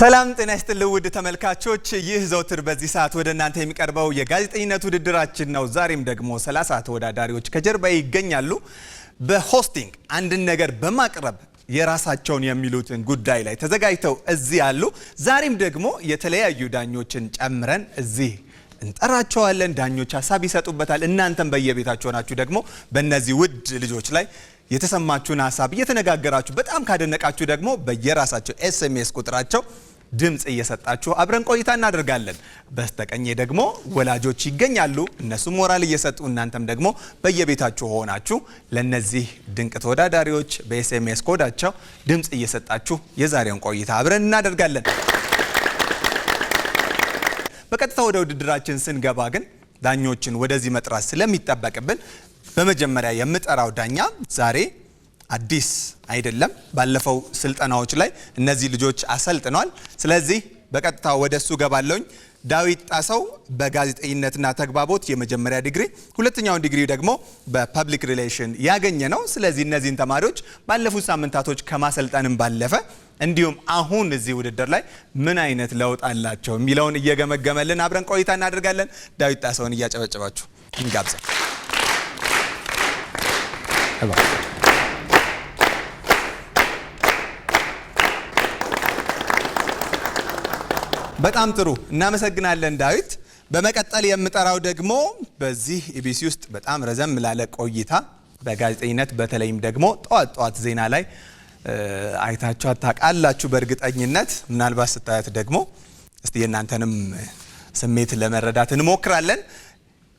ሰላም ጤና ይስጥልን ውድ ተመልካቾች፣ ይህ ዘውትር በዚህ ሰዓት ወደ እናንተ የሚቀርበው የጋዜጠኝነት ውድድራችን ነው። ዛሬም ደግሞ 30 ተወዳዳሪዎች ከጀርባ ይገኛሉ። በሆስቲንግ አንድን ነገር በማቅረብ የራሳቸውን የሚሉትን ጉዳይ ላይ ተዘጋጅተው እዚህ አሉ። ዛሬም ደግሞ የተለያዩ ዳኞችን ጨምረን እዚህ እንጠራቸዋለን። ዳኞች ሀሳብ ይሰጡበታል። እናንተም በየቤታችሁ ናችሁ ደግሞ በእነዚህ ውድ ልጆች ላይ የተሰማችሁን ሀሳብ እየተነጋገራችሁ በጣም ካደነቃችሁ ደግሞ በየራሳቸው ኤስኤምኤስ ቁጥራቸው ድምፅ እየሰጣችሁ አብረን ቆይታ እናደርጋለን። በስተቀኝ ደግሞ ወላጆች ይገኛሉ። እነሱም ሞራል እየሰጡ እናንተም ደግሞ በየቤታችሁ ሆናችሁ ለእነዚህ ድንቅ ተወዳዳሪዎች በኤስኤምኤስ ኮዳቸው ድምፅ እየሰጣችሁ የዛሬውን ቆይታ አብረን እናደርጋለን። በቀጥታ ወደ ውድድራችን ስንገባ ግን ዳኞችን ወደዚህ መጥራት ስለሚጠበቅብን በመጀመሪያ የምጠራው ዳኛ ዛሬ አዲስ አይደለም። ባለፈው ስልጠናዎች ላይ እነዚህ ልጆች አሰልጥነዋል። ስለዚህ በቀጥታ ወደ እሱ ገባለሁኝ። ዳዊት ጣሰው በጋዜጠኝነትና ተግባቦት የመጀመሪያ ዲግሪ፣ ሁለተኛውን ዲግሪ ደግሞ በፐብሊክ ሪሌሽን ያገኘ ነው። ስለዚህ እነዚህን ተማሪዎች ባለፉት ሳምንታቶች ከማሰልጠንም ባለፈ እንዲሁም አሁን እዚህ ውድድር ላይ ምን አይነት ለውጥ አላቸው የሚለውን እየገመገመልን አብረን ቆይታ እናደርጋለን። ዳዊት ጣሰውን እያጨበጨባችሁ እንጋብዛል። Hello. በጣም ጥሩ እናመሰግናለን ዳዊት። በመቀጠል የምጠራው ደግሞ በዚህ ኢቢሲ ውስጥ በጣም ረዘም ላለ ቆይታ በጋዜጠኝነት በተለይም ደግሞ ጠዋት ጠዋት ዜና ላይ አይታችሁ ታውቃላችሁ በእርግጠኝነት። ምናልባት ስታያት ደግሞ እስቲ የእናንተንም ስሜት ለመረዳት እንሞክራለን።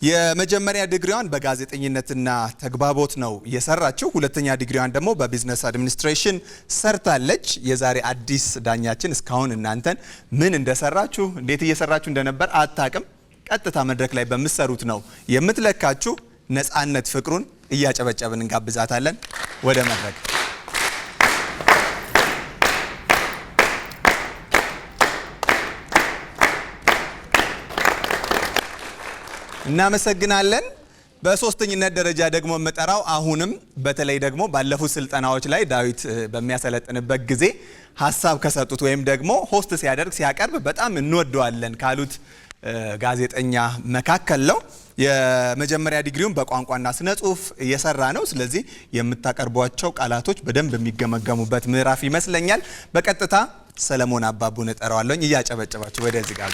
የመጀመሪያ ዲግሪዋን በጋዜጠኝነትና ተግባቦት ነው የሰራችው። ሁለተኛ ዲግሪዋን ደግሞ በቢዝነስ አድሚኒስትሬሽን ሰርታለች። የዛሬ አዲስ ዳኛችን እስካሁን እናንተን ምን እንደሰራችሁ እንዴት እየሰራችሁ እንደነበር አታቅም። ቀጥታ መድረክ ላይ በምትሰሩት ነው የምትለካችሁ። ነፃነት ፍቅሩን እያጨበጨብን እንጋብዛታለን ወደ መድረክ እናመሰግናለን። በሶስተኝነት ደረጃ ደግሞ የምጠራው አሁንም በተለይ ደግሞ ባለፉት ስልጠናዎች ላይ ዳዊት በሚያሰለጥንበት ጊዜ ሀሳብ ከሰጡት ወይም ደግሞ ሆስት ሲያደርግ ሲያቀርብ በጣም እንወደዋለን ካሉት ጋዜጠኛ መካከል ነው። የመጀመሪያ ዲግሪውን በቋንቋና ስነ ጽሁፍ እየሰራ ነው። ስለዚህ የምታቀርቧቸው ቃላቶች በደንብ የሚገመገሙበት ምዕራፍ ይመስለኛል። በቀጥታ ሰለሞን አባቡን እጠራዋለሁ። እያጨበጨባችሁ ወደዚህ ጋር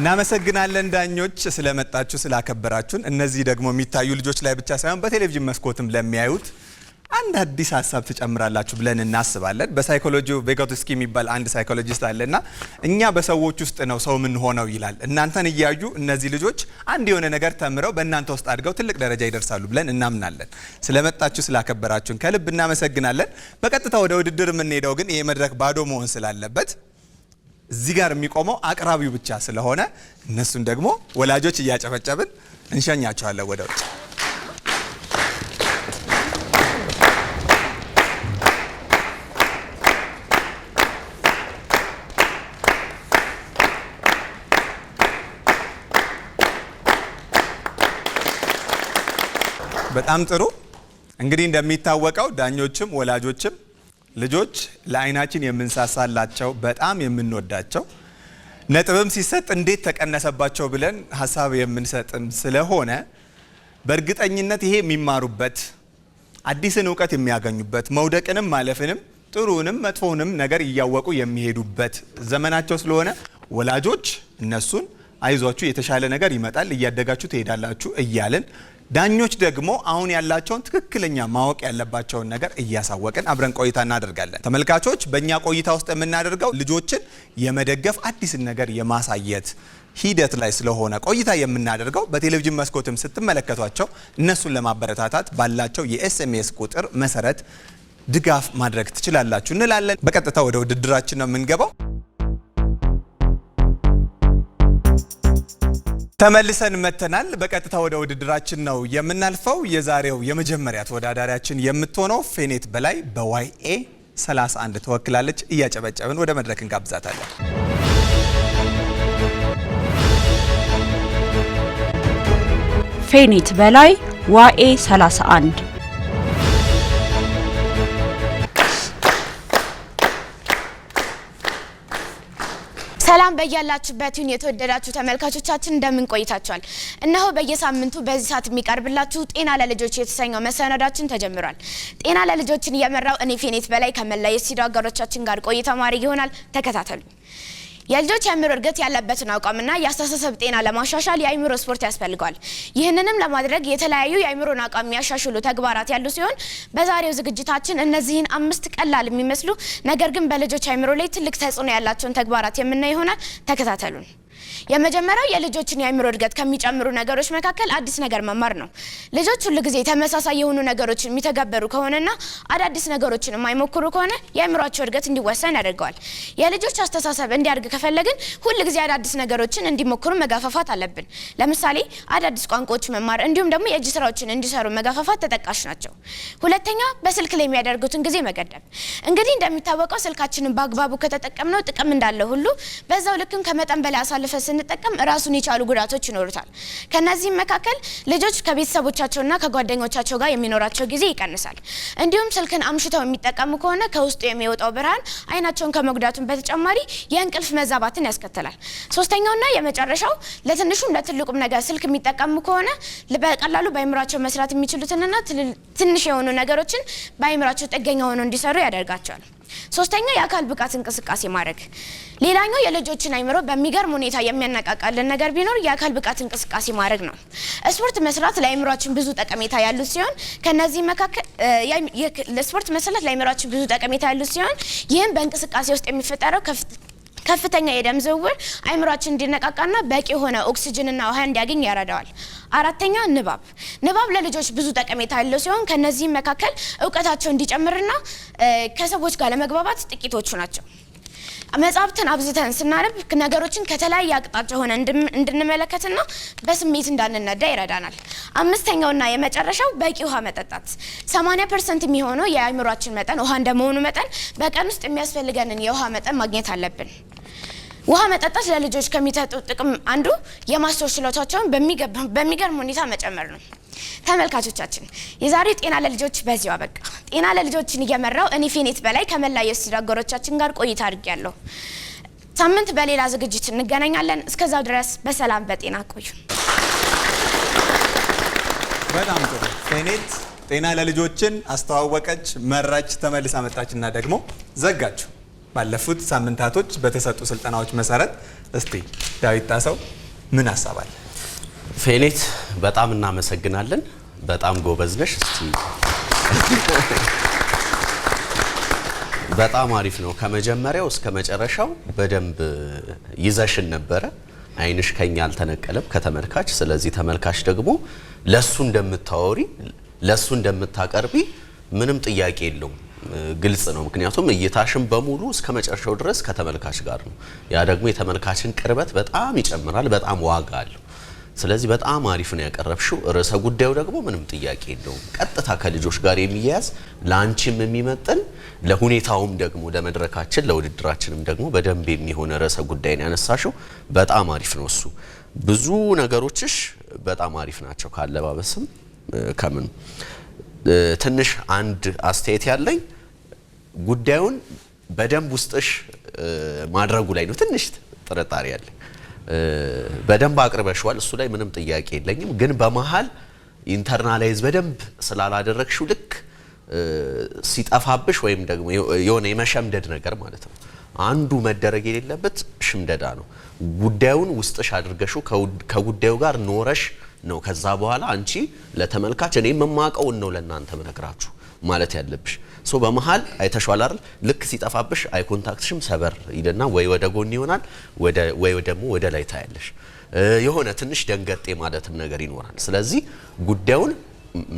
እናመሰግናለን ዳኞች ስለመጣችሁ ስላከበራችሁን። እነዚህ ደግሞ የሚታዩ ልጆች ላይ ብቻ ሳይሆን በቴሌቪዥን መስኮትም ለሚያዩት አንድ አዲስ ሀሳብ ትጨምራላችሁ ብለን እናስባለን። በሳይኮሎጂ ቬጋቱስኪ የሚባል አንድ ሳይኮሎጂስት አለና እኛ በሰዎች ውስጥ ነው ሰው የምንሆነው ይላል። እናንተን እያዩ እነዚህ ልጆች አንድ የሆነ ነገር ተምረው በእናንተ ውስጥ አድገው ትልቅ ደረጃ ይደርሳሉ ብለን እናምናለን። ስለመጣችሁ ስላከበራችሁን ከልብ እናመሰግናለን። በቀጥታ ወደ ውድድር የምንሄደው ግን ይሄ መድረክ ባዶ መሆን ስላለበት እዚህ ጋር የሚቆመው አቅራቢው ብቻ ስለሆነ እነሱን ደግሞ ወላጆች እያጨበጨብን እንሸኛቸዋለን ወደ ውጭ። በጣም ጥሩ። እንግዲህ እንደሚታወቀው ዳኞችም ወላጆችም ልጆች ለአይናችን የምንሳሳላቸው በጣም የምንወዳቸው ነጥብም ሲሰጥ እንዴት ተቀነሰባቸው ብለን ሀሳብ የምንሰጥም ስለሆነ በእርግጠኝነት ይሄ የሚማሩበት አዲስን እውቀት የሚያገኙበት መውደቅንም ማለፍንም ጥሩንም መጥፎንም ነገር እያወቁ የሚሄዱበት ዘመናቸው ስለሆነ ወላጆች እነሱን አይዟችሁ የተሻለ ነገር ይመጣል እያደጋችሁ ትሄዳላችሁ እያልን ዳኞች ደግሞ አሁን ያላቸውን ትክክለኛ ማወቅ ያለባቸውን ነገር እያሳወቅን አብረን ቆይታ እናደርጋለን። ተመልካቾች፣ በእኛ ቆይታ ውስጥ የምናደርገው ልጆችን የመደገፍ አዲስን ነገር የማሳየት ሂደት ላይ ስለሆነ ቆይታ የምናደርገው በቴሌቪዥን መስኮትም ስትመለከቷቸው እነሱን ለማበረታታት ባላቸው የኤስኤምኤስ ቁጥር መሰረት ድጋፍ ማድረግ ትችላላችሁ እንላለን። በቀጥታ ወደ ውድድራችን ነው የምንገባው። ተመልሰን መተናል። በቀጥታ ወደ ውድድራችን ነው የምናልፈው። የዛሬው የመጀመሪያ ተወዳዳሪያችን የምትሆነው ፌኔት በላይ በዋይኤ 31 ትወክላለች። እያጨበጨብን ወደ መድረክ እንጋብዛታለን። ፌኔት በላይ ዋኤ 31 ሰላም በያላችሁበትን የተወደዳችሁ ተመልካቾቻችን፣ እንደምን ቆይታችኋል? እነሆ በየሳምንቱ በዚህ ሰዓት የሚቀርብላችሁ ጤና ለልጆች የተሰኘው መሰናዳችን ተጀምሯል። ጤና ለልጆችን እየመራው እኔ ፌኔት በላይ ከመላ የስቱዲዮ አጋሮቻችን ጋር ቆይታ ማድረግ ይሆናል። ተከታተሉ። የልጆች የአእምሮ እድገት ያለበትን አቋምና የአስተሳሰብ ጤና ለማሻሻል የአእምሮ ስፖርት ያስፈልገዋል። ይህንንም ለማድረግ የተለያዩ የአእምሮን አቋም የሚያሻሽሉ ተግባራት ያሉ ሲሆን በዛሬው ዝግጅታችን እነዚህን አምስት ቀላል የሚመስሉ ነገር ግን በልጆች አእምሮ ላይ ትልቅ ተጽዕኖ ያላቸውን ተግባራት የምናይ ይሆናል። ተከታተሉን። የመጀመሪያው የልጆችን የአእምሮ እድገት ከሚጨምሩ ነገሮች መካከል አዲስ ነገር መማር ነው። ልጆች ሁል ጊዜ ተመሳሳይ የሆኑ ነገሮችን የሚተገበሩ ከሆነና አዳዲስ ነገሮችን የማይሞክሩ ከሆነ የአእምሯቸው እድገት እንዲወሰን ያደርገዋል። የልጆች አስተሳሰብ እንዲያድግ ከፈለግን ሁል ጊዜ አዳዲስ ነገሮችን እንዲሞክሩ መጋፋፋት አለብን። ለምሳሌ አዳዲስ ቋንቋዎች መማር እንዲሁም ደግሞ የእጅ ስራዎችን እንዲሰሩ መጋፋፋት ተጠቃሽ ናቸው። ሁለተኛ በስልክ ላይ የሚያደርጉትን ጊዜ መገደብ። እንግዲህ እንደሚታወቀው ስልካችንን በአግባቡ ከተጠቀምነው ጥቅም እንዳለ ሁሉ በዛው ልክም ከመጠን በላይ አሳልፈ ስንጠቀም ራሱን የቻሉ ጉዳቶች ይኖሩታል። ከነዚህም መካከል ልጆች ከቤተሰቦቻቸውና ከጓደኞቻቸው ጋር የሚኖራቸው ጊዜ ይቀንሳል። እንዲሁም ስልክን አምሽተው የሚጠቀሙ ከሆነ ከውስጡ የሚወጣው ብርሃን አይናቸውን ከመጉዳቱን በተጨማሪ የእንቅልፍ መዛባትን ያስከትላል። ሶስተኛውና የመጨረሻው ለትንሹም ለትልቁም ነገር ስልክ የሚጠቀሙ ከሆነ በቀላሉ በአይምሯቸው መስራት የሚችሉትንና ትንሽ የሆኑ ነገሮችን በአይምሯቸው ጥገኛ ሆኖ እንዲሰሩ ያደርጋቸዋል። ሶስተኛው የአካል ብቃት እንቅስቃሴ ማድረግ። ሌላኛው የልጆችን አይምሮ በሚገርም ሁኔታ የሚያነቃቃልን ነገር ቢኖር የአካል ብቃት እንቅስቃሴ ማድረግ ነው። ስፖርት መስራት ለአይምሯችን ብዙ ጠቀሜታ ያሉት ሲሆን ከነዚህ መካከል ስፖርት መስራት ለአይምሯችን ብዙ ጠቀሜታ ያሉት ሲሆን ይህም በእንቅስቃሴ ውስጥ የሚፈጠረው ከፍተኛ የደም ዝውውር አይምሯችን እንዲነቃቃና በቂ የሆነ ኦክሲጅንና ውሃ እንዲያገኝ ያረዳዋል። አራተኛ ንባብ። ንባብ ለልጆች ብዙ ጠቀሜታ ያለው ሲሆን ከነዚህም መካከል እውቀታቸው እንዲጨምርና ከሰዎች ጋር ለመግባባት ጥቂቶቹ ናቸው። መጽሐፍትን አብዝተን ስናነብ ነገሮችን ከተለያየ አቅጣጫ ሆነ እንድንመለከትና በስሜት እንዳንነዳ ይረዳናል። አምስተኛውና የመጨረሻው በቂ ውሃ መጠጣት። 80 ፐርሰንት የሚሆነው የአእምሯችን መጠን ውሃ እንደመሆኑ መጠን በቀን ውስጥ የሚያስፈልገንን የውሃ መጠን ማግኘት አለብን። ውሃ መጠጣት ለልጆች ከሚሰጠው ጥቅም አንዱ የማስታወስ ችሎታቸውን በሚገርም ሁኔታ መጨመር ነው። ተመልካቾቻችን የዛሬው ጤና ለልጆች በዚሁ አበቃ። ጤና ለልጆችን እየመራው እኔ ፌኔት በላይ ከመላ የስቱዲዮ አጋሮቻችን ጋር ቆይታ አድርጊያለሁ። ሳምንት በሌላ ዝግጅት እንገናኛለን። እስከዛው ድረስ በሰላም በጤና ቆዩ። በጣም ጥሩ ፌኔት ጤና ለልጆችን አስተዋወቀች፣ መራች፣ ተመልሳ መጣች ደግሞ ዘጋችሁ። ባለፉት ሳምንታቶች በተሰጡ ስልጠናዎች መሰረት እስቲ ዳዊት ጣሰው ምን ሀሳብ ፌኔት በጣም እናመሰግናለን። በጣም ጎበዝ ነሽ። እስቲ በጣም አሪፍ ነው። ከመጀመሪያው እስከ መጨረሻው በደንብ ይዘሽን ነበረ። አይንሽ ከኛ አልተነቀለም ከተመልካች። ስለዚህ ተመልካች ደግሞ ለሱ እንደምታወሪ ለሱ እንደምታቀርቢ ምንም ጥያቄ የለውም፣ ግልጽ ነው። ምክንያቱም እይታሽን በሙሉ እስከ መጨረሻው ድረስ ከተመልካች ጋር ነው። ያ ደግሞ የተመልካችን ቅርበት በጣም ይጨምራል፣ በጣም ዋጋ አለው። ስለዚህ በጣም አሪፍ ነው ያቀረብሽው። ርዕሰ ጉዳዩ ደግሞ ምንም ጥያቄ የለውም፣ ቀጥታ ከልጆች ጋር የሚያያዝ ለአንቺም የሚመጥን ለሁኔታውም ደግሞ ለመድረካችን ለውድድራችንም ደግሞ በደንብ የሚሆነ ርዕሰ ጉዳይን ያነሳሽው። በጣም አሪፍ ነው እሱ። ብዙ ነገሮችሽ በጣም አሪፍ ናቸው፣ ካለባበስም ከምን ትንሽ አንድ አስተያየት ያለኝ ጉዳዩን በደንብ ውስጥሽ ማድረጉ ላይ ነው። ትንሽ ጥርጣሬ ያለኝ በደንብ አቅርበሽዋል። እሱ ላይ ምንም ጥያቄ የለኝም። ግን በመሀል ኢንተርናላይዝ በደንብ ስላላደረግሽው ልክ ሲጠፋብሽ ወይም ደግሞ የሆነ የመሸምደድ ነገር ማለት ነው። አንዱ መደረግ የሌለበት ሽምደዳ ነው። ጉዳዩን ውስጥሽ አድርገሽው ከጉዳዩ ጋር ኖረሽ ነው ከዛ በኋላ አንቺ ለተመልካች እኔ የማውቀውን ነው ለእናንተ መነግራችሁ ማለት ያለብሽ። ሶ በመሀል አይተሽዋል አይደል? ልክ ሲጠፋብሽ አይ ኮንታክትሽም ሰበር ይልና ወይ ወደ ጎን ይሆናል ወይ ደግሞ ወደ ላይ ታያለሽ። የሆነ ትንሽ ደንገጤ ማለትም ነገር ይኖራል። ስለዚህ ጉዳዩን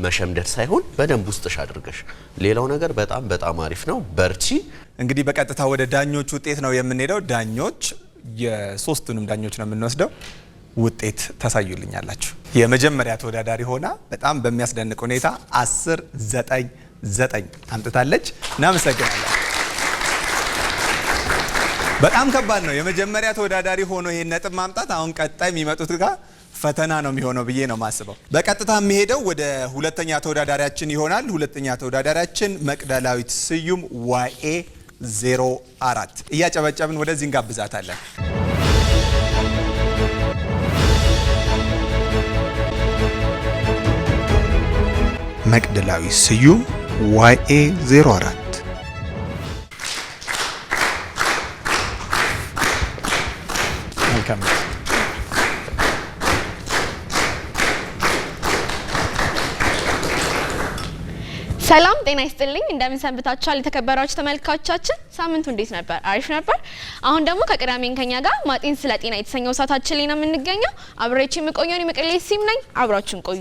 መሸምደድ ሳይሆን በደንብ ውስጥሽ አድርገሽ። ሌላው ነገር በጣም በጣም አሪፍ ነው። በርቺ። እንግዲህ በቀጥታ ወደ ዳኞች ውጤት ነው የምንሄደው። ዳኞች የሶስቱንም ዳኞች ነው የምንወስደው። ውጤት ታሳዩልኛላችሁ። የመጀመሪያ ተወዳዳሪ ሆና በጣም በሚያስደንቅ ሁኔታ 10 9 ዘጠኝ አምጥታለች። እናመሰግናለን። በጣም ከባድ ነው የመጀመሪያ ተወዳዳሪ ሆኖ ይሄን ነጥብ ማምጣት። አሁን ቀጣይ የሚመጡት ጋር ፈተና ነው የሚሆነው ብዬ ነው ማስበው። በቀጥታ የሚሄደው ወደ ሁለተኛ ተወዳዳሪያችን ይሆናል። ሁለተኛ ተወዳዳሪያችን መቅደላዊት ስዩም ዋኤ 04 እያጨበጨብን ወደዚህ እንጋብዛታለን። መቅደላዊት ስዩም ዋይኤ 04 መልካም ሰላም ጤና ይስጥልኝ። እንደምን ሰንብታችኋል የተከበራችሁ ተመልካቾቻችን? ሳምንቱ እንዴት ነበር? አሪፍ ነበር። አሁን ደግሞ ከቅዳሜን ከኛ ጋር ማጤን ስለ ጤና የተሰኘው ሰዓታችን ላይ ነው የምንገኘው። አብሬች የምቆየውን የመቀሌ ሲም ነኝ። አብራችን ቆዩ።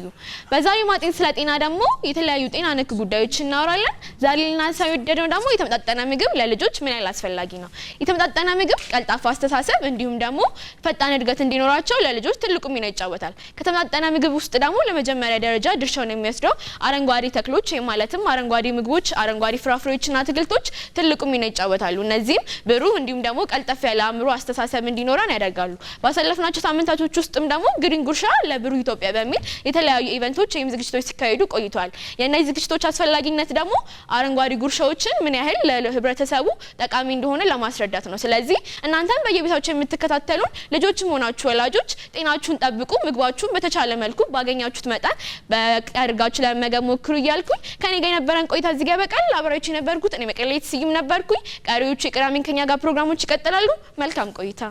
በዛሬው ማጤን ስለ ጤና ደግሞ የተለያዩ ጤና ነክ ጉዳዮች እናወራለን። ዛሬ ልናነሳው የወደድነው ደግሞ የተመጣጠነ ምግብ ለልጆች ምን ያህል አስፈላጊ ነው፣ የተመጣጠነ ምግብ ቀልጣፋ አስተሳሰብ እንዲሁም ደግሞ ፈጣን እድገት እንዲኖራቸው ለልጆች ትልቁ ሚና ይጫወታል። ከተመጣጠነ ምግብ ውስጥ ደግሞ ለመጀመሪያ ደረጃ ድርሻውን የሚወስደው አረንጓዴ ተክሎች ማለት በዓለም አረንጓዴ ምግቦች፣ አረንጓዴ ፍራፍሬዎችና አትክልቶች ትልቁ ሚና ይጫወታሉ። እነዚህም ብሩህ እንዲሁም ደግሞ ቀልጠፍ ያለ አእምሮ አስተሳሰብ እንዲኖረን ያደርጋሉ። ባሳለፍናቸው ሳምንታቶች ውስጥም ደግሞ ግሪን ጉርሻ ለብሩህ ኢትዮጵያ በሚል የተለያዩ ኢቨንቶች ወይም ዝግጅቶች ሲካሄዱ ቆይቷል። የእነዚህ ዝግጅቶች አስፈላጊነት ደግሞ አረንጓዴ ጉርሻዎችን ምን ያህል ለህብረተሰቡ ጠቃሚ እንደሆነ ለማስረዳት ነው። ስለዚህ እናንተም በየቤታችሁ የምትከታተሉን ልጆችም ሆናችሁ ወላጆች ጤናችሁን ጠብቁ፣ ምግባችሁን በተቻለ መልኩ ባገኛችሁት መጠን በአድርጋችሁ ለመመገብ ሞክሩ እያልኩኝ ከኔ ጋር የነበረን ቆይታ እዚህ ጋር በቃል አብራዎች የነበርኩት እኔ መቀሌት ስዩም ነበርኩኝ። ቀሪዎቹ የቅዳሜን ከኛ ጋር ፕሮግራሞች ይቀጥላሉ። መልካም ቆይታ።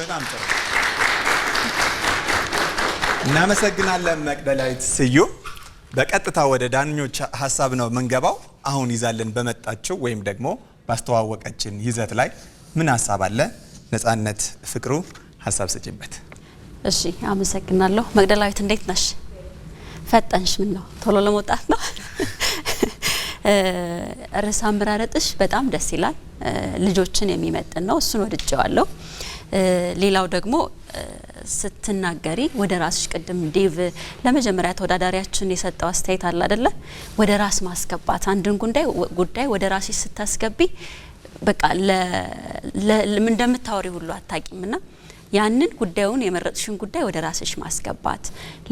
በጣም ጥሩ እናመሰግናለን መቅደላዊት ስዩም። በቀጥታ ወደ ዳኞች ሀሳብ ነው የምንገባው። አሁን ይዛልን በመጣችው ወይም ደግሞ ባስተዋወቀችን ይዘት ላይ ምን ሀሳብ አለ? ነጻነት ፍቅሩ ሀሳብ ስጭበት። እሺ አመሰግናለሁ መቅደላዊት፣ እንዴት ነሽ? ፈጠንሽ? ምን ነው ቶሎ ለመውጣት ነው? ርዕሰ አመራረጥሽ በጣም ደስ ይላል። ልጆችን የሚመጥን ነው። እሱን ወድጀዋለሁ። ሌላው ደግሞ ስትናገሪ ወደ ራስሽ ቅድም ዴቭ ለመጀመሪያ ተወዳዳሪያችን የሰጠው አስተያየት አለ አይደለ? ወደ ራስ ማስገባት አንድን ጉዳይ ጉዳይ ወደ ራስሽ ስታስገቢ በቃ እንደምታወሪ ሁሉ አታቂምና ያንን ጉዳዩን የመረጥሽን ጉዳይ ወደ ራስሽ ማስገባት።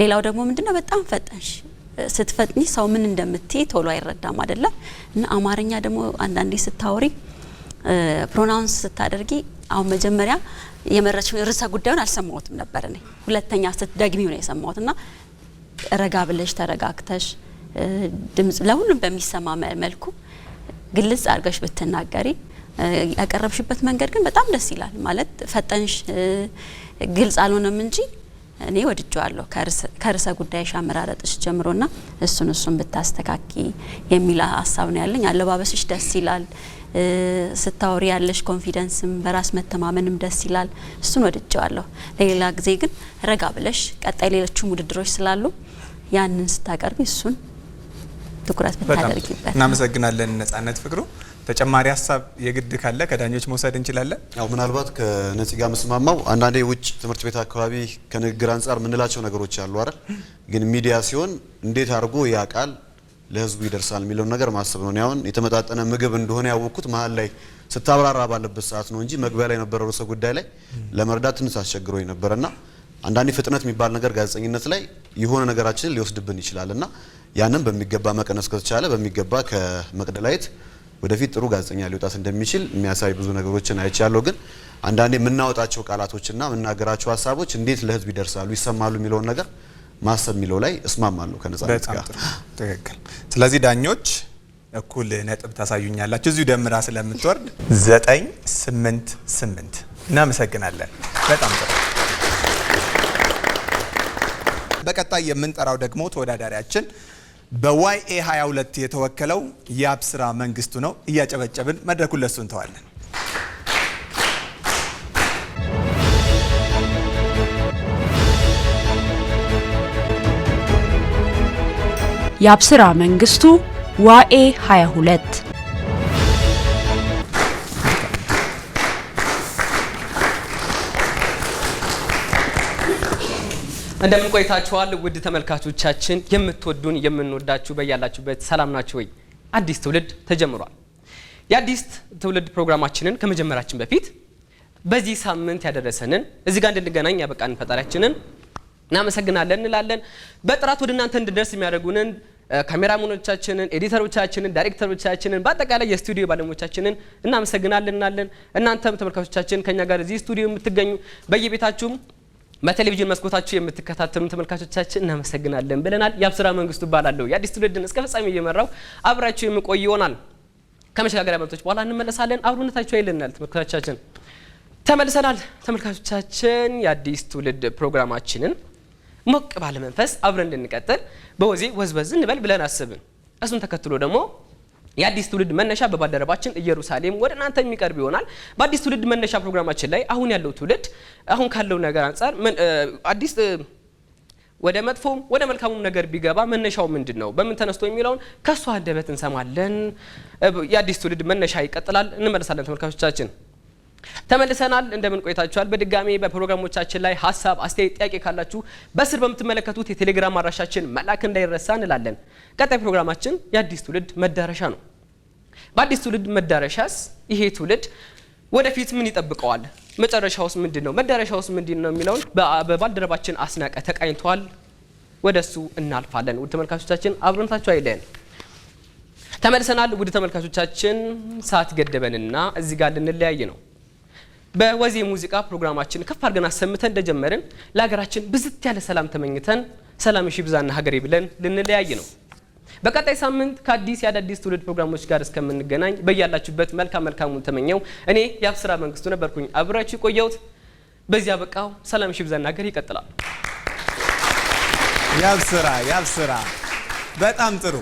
ሌላው ደግሞ ምንድነው በጣም ፈጠንሽ ስትፈጥኝ ሰው ምን እንደምትይ ቶሎ አይረዳም አይደለም። እና አማርኛ ደግሞ አንዳንዴ ስታወሪ ፕሮናውንስ ስታደርጊ አሁን መጀመሪያ የመረችውን ርዕሰ ጉዳዩን አልሰማሁትም ነበር እኔ ሁለተኛ ስትደግሚው ነው የሰማሁት። እና ረጋ ብለሽ ተረጋግተሽ ድምጽ ለሁሉም በሚሰማ መልኩ ግልጽ አድርገሽ ብትናገሪ ያቀረብሽበት መንገድ ግን በጣም ደስ ይላል። ማለት ፈጠንሽ ግልጽ አልሆነም እንጂ እኔ ወድጀዋለሁ ከርዕሰ ጉዳይሽ አመራረጥሽ ጀምሮና እሱን እሱን ብታስተካኪ የሚል ሀሳብ ነው ያለኝ። አለባበስሽ ደስ ይላል፣ ስታወሪ ያለሽ ኮንፊደንስም በራስ መተማመንም ደስ ይላል። እሱን ወድጀዋለሁ። ለሌላ ጊዜ ግን ረጋ ብለሽ ቀጣይ ሌሎችም ውድድሮች ስላሉ ያንን ስታቀርቢ እሱን ትኩረት ብታደርጊበት። እናመሰግናለን ነጻነት ፍቅሩ። ተጨማሪ ሀሳብ የግድ ካለ ከዳኞች መውሰድ እንችላለን። ያው ምናልባት ከነፂ ጋር መስማማው አንዳንዴ ውጭ ትምህርት ቤት አካባቢ ከንግግር አንጻር ምንላቸው ነገሮች አሉ አይደል? ግን ሚዲያ ሲሆን እንዴት አድርጎ ያ ቃል ለህዝቡ ይደርሳል የሚለውን ነገር ማሰብ ነው። አሁን የተመጣጠነ ምግብ እንደሆነ ያወቅኩት መሀል ላይ ስታብራራ ባለበት ሰዓት ነው እንጂ መግቢያ ላይ የነበረ ርዕሰ ጉዳይ ላይ ለመረዳት ትንሽ አስቸግሮኝ ነበረና አንዳንዴ ፍጥነት የሚባል ነገር ጋዜጠኝነት ላይ የሆነ ነገራችንን ሊወስድብን ይችላል እና ያንን በሚገባ መቀነስ ከተቻለ በሚገባ ከመቅደላዊት ወደፊት ጥሩ ጋዜጠኛ ሊወጣት እንደሚችል የሚያሳይ ብዙ ነገሮችን አይቻለሁ። ግን አንዳንዴ የምናወጣቸው ቃላቶችና የምናገራቸው ሀሳቦች እንዴት ለህዝብ ይደርሳሉ ይሰማሉ የሚለውን ነገር ማሰብ የሚለው ላይ እስማማለሁ ከነጻነት ጋር። ትክክል። ስለዚህ ዳኞች እኩል ነጥብ ታሳዩኛላችሁ። እዚሁ ደምራ ስለምትወርድ ዘጠኝ ስምንት ስምንት እናመሰግናለን። በጣም ጥሩ። በቀጣይ የምንጠራው ደግሞ ተወዳዳሪያችን በዋይኤ 22 የተወከለው የአብስራ መንግስቱ ነው። እያጨበጨብን መድረኩን ለሱ እንተዋለን። የአብስራ መንግስቱ ዋኤ 22 እንደምን ቆይታችኋል ውድ ተመልካቾቻችን፣ የምትወዱን የምንወዳችሁ በያላችሁበት ሰላም ናችሁ ወይ? አዲስ ትውልድ ተጀምሯል። የአዲስ ትውልድ ፕሮግራማችንን ከመጀመራችን በፊት በዚህ ሳምንት ያደረሰንን እዚህ ጋር እንድንገናኝ ያበቃን ፈጣሪያችንን እናመሰግናለን እንላለን። በጥራት ወደ እናንተ እንድደርስ የሚያደርጉንን ካሜራማኖቻችንን፣ ኤዲተሮቻችንን፣ ዳይሬክተሮቻችንን በአጠቃላይ የስቱዲዮ ባለሙያዎቻችንን እናመሰግናለን እናለን። እናንተም ተመልካቾቻችን ከኛ ጋር እዚህ ስቱዲዮ የምትገኙ በየቤታችሁም በቴሌቪዥን መስኮታችሁ የምትከታተሉ ተመልካቾቻችን እናመሰግናለን ብለናል። የአብስራ መንግስቱ እባላለሁ። የአዲስ ትውልድን እስከ ፍጻሜ እየመራው አብራችሁ የምቆይ ይሆናል። ከመሸጋገሪያ መብቶች በኋላ እንመለሳለን። አብሮነታችሁ አይለናል። ተመልካቾቻችን ተመልሰናል። ተመልካቾቻችን የአዲስ ትውልድ ፕሮግራማችንን ሞቅ ባለ መንፈስ አብረን እንድንቀጥል በወዜ ወዝበዝ እንበል ብለን አስብን። እሱን ተከትሎ ደግሞ የአዲስ ትውልድ መነሻ በባልደረባችን ኢየሩሳሌም ወደ እናንተ የሚቀርብ ይሆናል። በአዲስ ትውልድ መነሻ ፕሮግራማችን ላይ አሁን ያለው ትውልድ አሁን ካለው ነገር አንጻር አዲስ ወደ መጥፎም ወደ መልካሙም ነገር ቢገባ መነሻው ምንድን ነው፣ በምን ተነስቶ የሚለውን ከእሱ አንደበት እንሰማለን። የአዲስ ትውልድ መነሻ ይቀጥላል። እንመለሳለን ተመልካቾቻችን። ተመልሰናል። እንደምን ቆይታችኋል? በድጋሚ በፕሮግራሞቻችን ላይ ሀሳብ፣ አስተያየት፣ ጥያቄ ካላችሁ በስር በምትመለከቱት የቴሌግራም አድራሻችን መላክ እንዳይረሳ እንላለን። ቀጣይ ፕሮግራማችን የአዲስ ትውልድ መዳረሻ ነው። በአዲስ ትውልድ መዳረሻስ ይሄ ትውልድ ወደፊት ምን ይጠብቀዋል? መጨረሻውስ ምንድን ነው? መዳረሻውስ ምንድን ነው የሚለውን በባልደረባችን አስናቀ ተቃኝቷል። ወደ እሱ እናልፋለን። ውድ ተመልካቾቻችን አብረንታችሁ አይለን ተመልሰናል። ውድ ተመልካቾቻችን ሰዓት ገደበንና እዚህ ጋር ልንለያይ ነው። በወዜ ሙዚቃ ፕሮግራማችን ከፍ አድርገን አሰምተን እንደጀመርን ለሀገራችን ብዝት ያለ ሰላም ተመኝተን ሰላም ሺ ብዛና ሀገሬ ብለን ልንለያይ ነው። በቀጣይ ሳምንት ከአዲስ የአዳዲስ ትውልድ ፕሮግራሞች ጋር እስከምንገናኝ በያላችሁበት መልካም መልካሙን ተመኘው። እኔ የአብስራ መንግስቱ ነበርኩኝ አብራችሁ የቆየውት በዚያ በቃው። ሰላም ሺ ብዛና ሀገር ይቀጥላል። ያብስራ ያብስራ። በጣም ጥሩ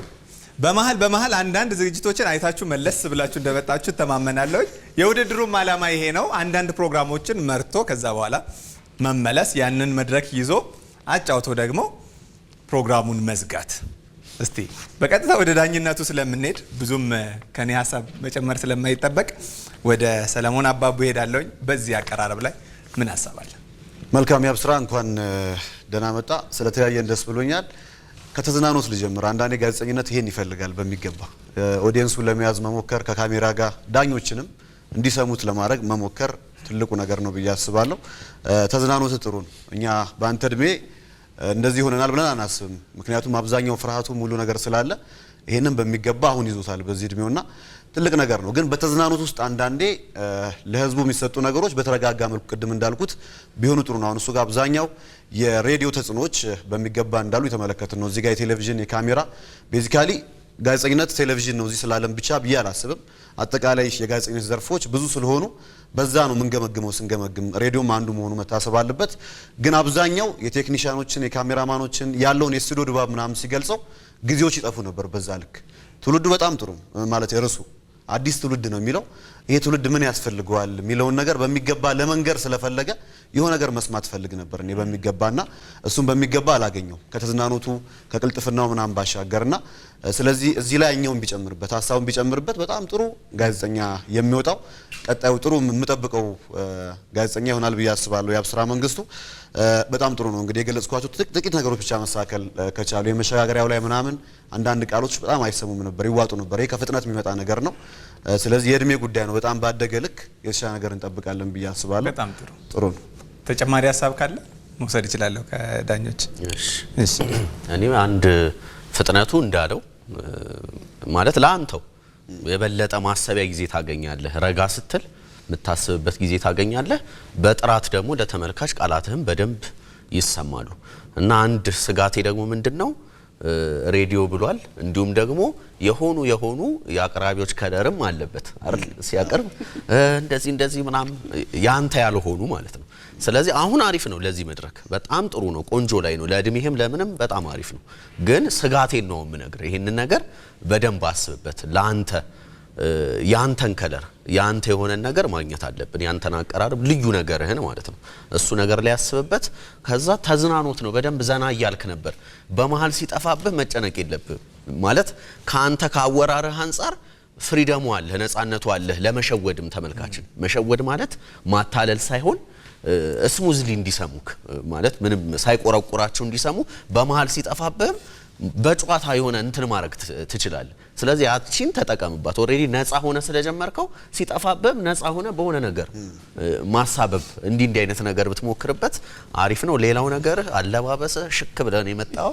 በመሀል በመሀል አንዳንድ ዝግጅቶችን አይታችሁ መለስ ብላችሁ እንደመጣችሁ ተማመናለሁ። የውድድሩም ዓላማ ይሄ ነው። አንዳንድ ፕሮግራሞችን መርቶ ከዛ በኋላ መመለስ፣ ያንን መድረክ ይዞ አጫውቶ ደግሞ ፕሮግራሙን መዝጋት። እስቲ በቀጥታ ወደ ዳኝነቱ ስለምንሄድ ብዙም ከኔ ሀሳብ መጨመር ስለማይጠበቅ ወደ ሰለሞን አባቡ ሄዳለሁኝ። በዚህ አቀራረብ ላይ ምን ሀሳብ አለ? መልካም ያብስራ፣ እንኳን ደህና መጣ። ስለተለያየን ደስ ብሎኛል። ከተዝናኖት ልጀምር። አንዳንዴ ጋዜጠኝነት ይሄን ይፈልጋል በሚገባ ኦዲየንሱን ለመያዝ መሞከር፣ ከካሜራ ጋር ዳኞችንም እንዲሰሙት ለማድረግ መሞከር ትልቁ ነገር ነው ብዬ አስባለሁ። ተዝናኖት ጥሩ ነው። እኛ በአንተ እድሜ እንደዚህ ሆነናል ብለን አናስብም። ምክንያቱም አብዛኛው ፍርሃቱ ሙሉ ነገር ስላለ ይሄንን በሚገባ አሁን ይዞታል በዚህ እድሜውና ትልቅ ነገር ነው። ግን በተዝናኖት ውስጥ አንዳንዴ ለህዝቡ የሚሰጡ ነገሮች በተረጋጋ መልኩ ቅድም እንዳልኩት ቢሆኑ ጥሩ ነው። አሁን እሱ ጋር አብዛኛው የሬዲዮ ተጽዕኖዎች በሚገባ እንዳሉ የተመለከትን ነው። እዚህ ጋር የቴሌቪዥን የካሜራ ቤዚካሊ ጋዜጠኝነት ቴሌቪዥን ነው እዚህ ስላለም ብቻ ብዬ አላስብም። አጠቃላይ የጋዜጠኝነት ዘርፎች ብዙ ስለሆኑ በዛ ነው የምንገመግመው። ስንገመግም ሬዲዮም አንዱ መሆኑ መታሰብ አለበት። ግን አብዛኛው የቴክኒሽያኖችን የካሜራማኖችን ያለውን የስቱዲዮ ድባብ ምናምን ሲገልጸው ጊዜዎች ይጠፉ ነበር። በዛ ልክ ትውልዱ በጣም ጥሩ ማለት የርሱ አዲስ ትውልድ ነው የሚለው ይሄ ትውልድ ምን ያስፈልገዋል የሚለውን ነገር በሚገባ ለመንገር ስለፈለገ የሆነ ነገር መስማት ፈልግ ነበር እኔ በሚገባና እሱም በሚገባ አላገኘው ከተዝናኖቱ ከቅልጥፍናው ምናምን ባሻገርና ስለዚህ እዚህ ላይ እኛውን ቢጨምርበት ሀሳቡን ቢጨምርበት በጣም ጥሩ ጋዜጠኛ የሚወጣው ቀጣዩ ጥሩ የምጠብቀው ጋዜጠኛ ይሆናል ብዬ አስባለሁ የአብስራ መንግስቱ በጣም ጥሩ ነው እንግዲህ የገለጽኳቸው ጥቂት ነገሮች ብቻ መሳከል ከቻሉ የመሸጋገሪያው ላይ ምናምን አንዳንድ ቃሎች በጣም አይሰሙም ነበር፣ ይዋጡ ነበር። ይህ ከፍጥነት የሚመጣ ነገር ነው። ስለዚህ የእድሜ ጉዳይ ነው። በጣም ባደገ ልክ የተሻለ ነገር እንጠብቃለን ብዬ አስባለሁ። በጣም ጥሩ ጥሩ ነው። ተጨማሪ ሀሳብ ካለ መውሰድ ይችላለሁ ከዳኞች። እኔ አንድ ፍጥነቱ እንዳለው ማለት ለአንተው የበለጠ ማሰቢያ ጊዜ ታገኛለህ ረጋ ስትል የምታስብበት ጊዜ ታገኛለህ። በጥራት ደግሞ ለተመልካች ቃላትህም በደንብ ይሰማሉ እና አንድ ስጋቴ ደግሞ ምንድን ነው ሬዲዮ ብሏል። እንዲሁም ደግሞ የሆኑ የሆኑ የአቅራቢዎች ከለርም አለበት አይደል? ሲያቀርብ እንደዚህ እንደዚህ ምናምን ያንተ ያልሆኑ ማለት ነው። ስለዚህ አሁን አሪፍ ነው፣ ለዚህ መድረክ በጣም ጥሩ ነው፣ ቆንጆ ላይ ነው፣ ለእድሜህም ለምንም በጣም አሪፍ ነው። ግን ስጋቴን ነው የምነግር፣ ይህንን ነገር በደንብ አስብበት ለአንተ ያንተን ከለር ያንተ የሆነን ነገር ማግኘት አለብን። ያንተን አቀራረብ ልዩ ነገርህን ማለት ነው። እሱ ነገር ላይ ያስብበት። ከዛ ተዝናኖት ነው። በደንብ ዘና እያልክ ነበር። በመሀል ሲጠፋብህ መጨነቅ የለብህ ማለት ከአንተ ከአወራርህ አንጻር ፍሪደሙ አለህ፣ ነጻነቱ አለህ። ለመሸወድም ተመልካችን መሸወድ ማለት ማታለል ሳይሆን እስሙዝሊ እንዲሰሙክ ማለት ምንም ሳይቆረቁራቸው እንዲሰሙ በመሀል ሲጠፋብህም በጨዋታ የሆነ እንትን ማድረግ ትችላለህ። ስለዚህ ያቺን ተጠቀምባት። ኦልሬዲ ነፃ ሆነ ስለጀመርከው ሲጠፋብህም ነፃ ሆነ በሆነ ነገር ማሳበብ እንዲህ እንዲህ አይነት ነገር ብትሞክርበት አሪፍ ነው። ሌላው ነገር አለባበስ ሽክ ብለን የመጣው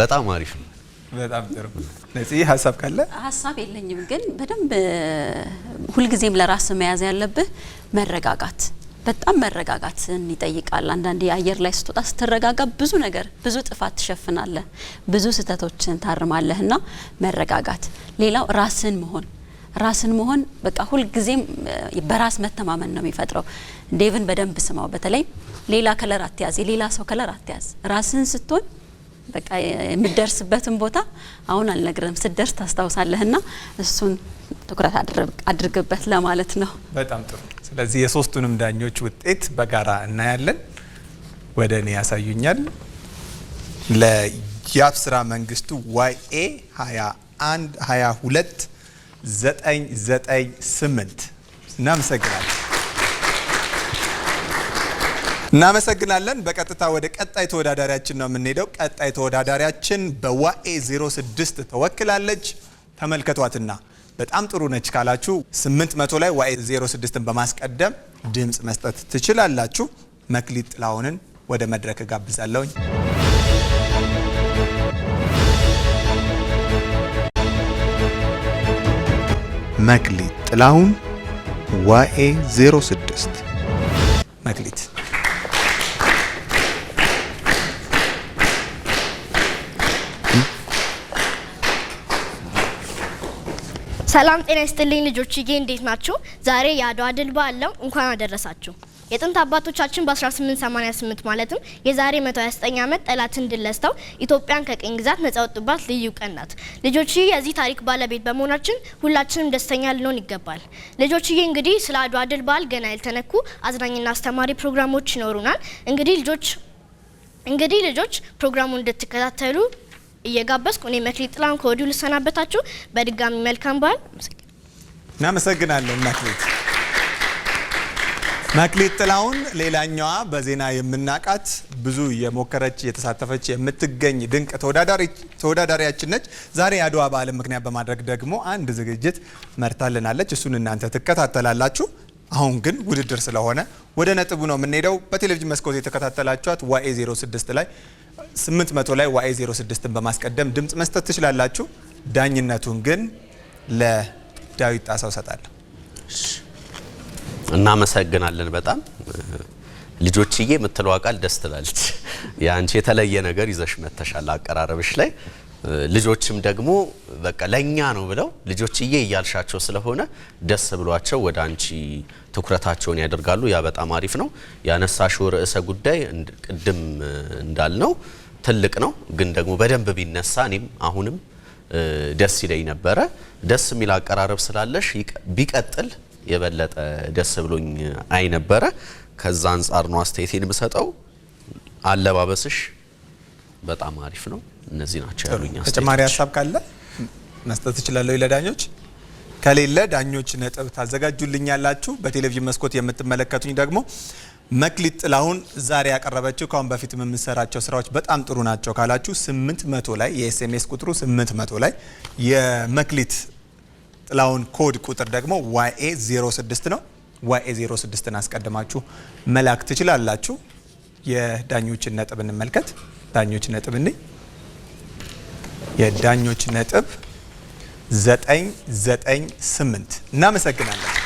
በጣም አሪፍ ነው። በጣም ጥሩ ሀሳብ ካለ? ሀሳብ የለኝም፣ ግን በደንብ ሁልጊዜም ለራስ መያዝ ያለብህ መረጋጋት በጣም መረጋጋትን ይጠይቃል። አንዳንዴ የአየር ላይ ስትወጣ ስትረጋጋ ብዙ ነገር ብዙ ጥፋት ትሸፍናለህ፣ ብዙ ስህተቶችን ታርማለህ እና መረጋጋት። ሌላው ራስን መሆን ራስን መሆን በቃ ሁልጊዜም በራስ መተማመን ነው የሚፈጥረው። ዴቭን በደንብ ስማው። በተለይ ሌላ ከለር አትያዝ፣ የሌላ ሰው ከለር አትያዝ። ራስን ስትሆን በቃ የምደርስበትን ቦታ አሁን አልነግርም፣ ስትደርስ ታስታውሳለህና እሱን ትኩረት አድርግበት ለማለት ነው። በጣም ጥሩ ስለዚህ የሶስቱንም ዳኞች ውጤት በጋራ እናያለን። ወደ እኔ ያሳዩኛል። ለያብስራ መንግስቱ ዋይኤ 21 22 998 እናመሰግናለን። እናመሰግናለን። በቀጥታ ወደ ቀጣይ ተወዳዳሪያችን ነው የምንሄደው። ቀጣይ ተወዳዳሪያችን በዋኤ 06 ተወክላለች። ተመልከቷትና በጣም ጥሩ ነች ካላችሁ 800 ላይ ዋይ 06ን በማስቀደም ድምፅ መስጠት ትችላላችሁ። መክሊት ጥላሁንን ወደ መድረክ ጋብዛለሁኝ። መክሊት ጥላሁን ዋኤ 06 መክሊት ሰላም ጤና ይስጥልኝ ልጆችዬ፣ እንዴት ናችሁ? ዛሬ የአድዋ ድል በዓል ነው። እንኳን አደረሳችሁ። የጥንት አባቶቻችን በ1888 ማለትም የዛሬ 129 ዓመት ጠላትን ድል ነስተው ኢትዮጵያን ከቅኝ ግዛት ነጻ ወጡባት ልዩ ቀን ናት። ልጆችዬ የዚህ ታሪክ ባለቤት በመሆናችን ሁላችንም ደስተኛ ልንሆን ይገባል። ልጆችዬ እንግዲህ ስለ አድዋ ድል በዓል ገና ያልተነኩ አዝናኝና አስተማሪ ፕሮግራሞች ይኖሩናል። እንግዲህ ልጆች እንግዲህ ልጆች ፕሮግራሙን እንድትከታተሉ እየጋበዝኩ እኔ መክሊ ጥላሁን ከወዲሁ ልሰናበታችሁ። በድጋሚ መልካም በዓል። እናመሰግናለን መክሊት መክሊት ጥላሁን ሌላኛዋ በዜና የምናቃት ብዙ የሞከረች የተሳተፈች የምትገኝ ድንቅ ተወዳዳሪያችን ነች። ዛሬ የአድዋ በዓልን ምክንያት በማድረግ ደግሞ አንድ ዝግጅት መርታልናለች። እሱን እናንተ ትከታተላላችሁ። አሁን ግን ውድድር ስለሆነ ወደ ነጥቡ ነው የምንሄደው። በቴሌቪዥን መስኮት የተከታተላችኋት ዋኤ 06 ላይ 800 ላይ ዋይ 06ን በማስቀደም ድምፅ መስጠት ትችላላችሁ። ዳኝነቱን ግን ለዳዊት ጣሳው እሰጣለሁ። እናመሰግናለን በጣም ልጆችዬ የምትለዋ ቃል ደስ ትላለች። የአንቺ የተለየ ነገር ይዘሽ መተሻል አቀራረብሽ ላይ ልጆችም ደግሞ በቃ ለእኛ ነው ብለው ልጆችዬ እያልሻቸው ስለሆነ ደስ ብሏቸው ወደ አንቺ ትኩረታቸውን ያደርጋሉ። ያ በጣም አሪፍ ነው። ያነሳሽው ርዕሰ ጉዳይ ቅድም እንዳልነው ትልቅ ነው፣ ግን ደግሞ በደንብ ቢነሳ እኔም አሁንም ደስ ይለኝ ነበረ። ደስ የሚል አቀራረብ ስላለሽ ቢቀጥል የበለጠ ደስ ብሎኝ አይ ነበረ። ከዛ አንጻር ነው አስተያየቴን የምሰጠው። አለባበስሽ በጣም አሪፍ ነው። እነዚህ ናቸው ያሉኛ። ተጨማሪ ሀሳብ ካለ መስጠት እችላለሁ ለዳኞች። ከሌለ ዳኞች ነጥብ ታዘጋጁልኛላችሁ። በቴሌቪዥን መስኮት የምትመለከቱኝ ደግሞ መክሊት ጥላሁን ዛሬ ያቀረበችው ከአሁን በፊት የምንሰራቸው ስራዎች በጣም ጥሩ ናቸው ካላችሁ 800 ላይ የኤስኤምኤስ ቁጥሩ 800 ላይ የመክሊት ጥላሁን ኮድ ቁጥር ደግሞ ዋኤ 06 ነው። ዋኤ 06ን አስቀድማችሁ መላክ ትችላላችሁ። የዳኞችን ነጥብ እንመልከት። ዳኞች ነጥብ እንይ የዳኞች ነጥብ ዘጠኝ ዘጠኝ ስምንት እናመሰግናለን።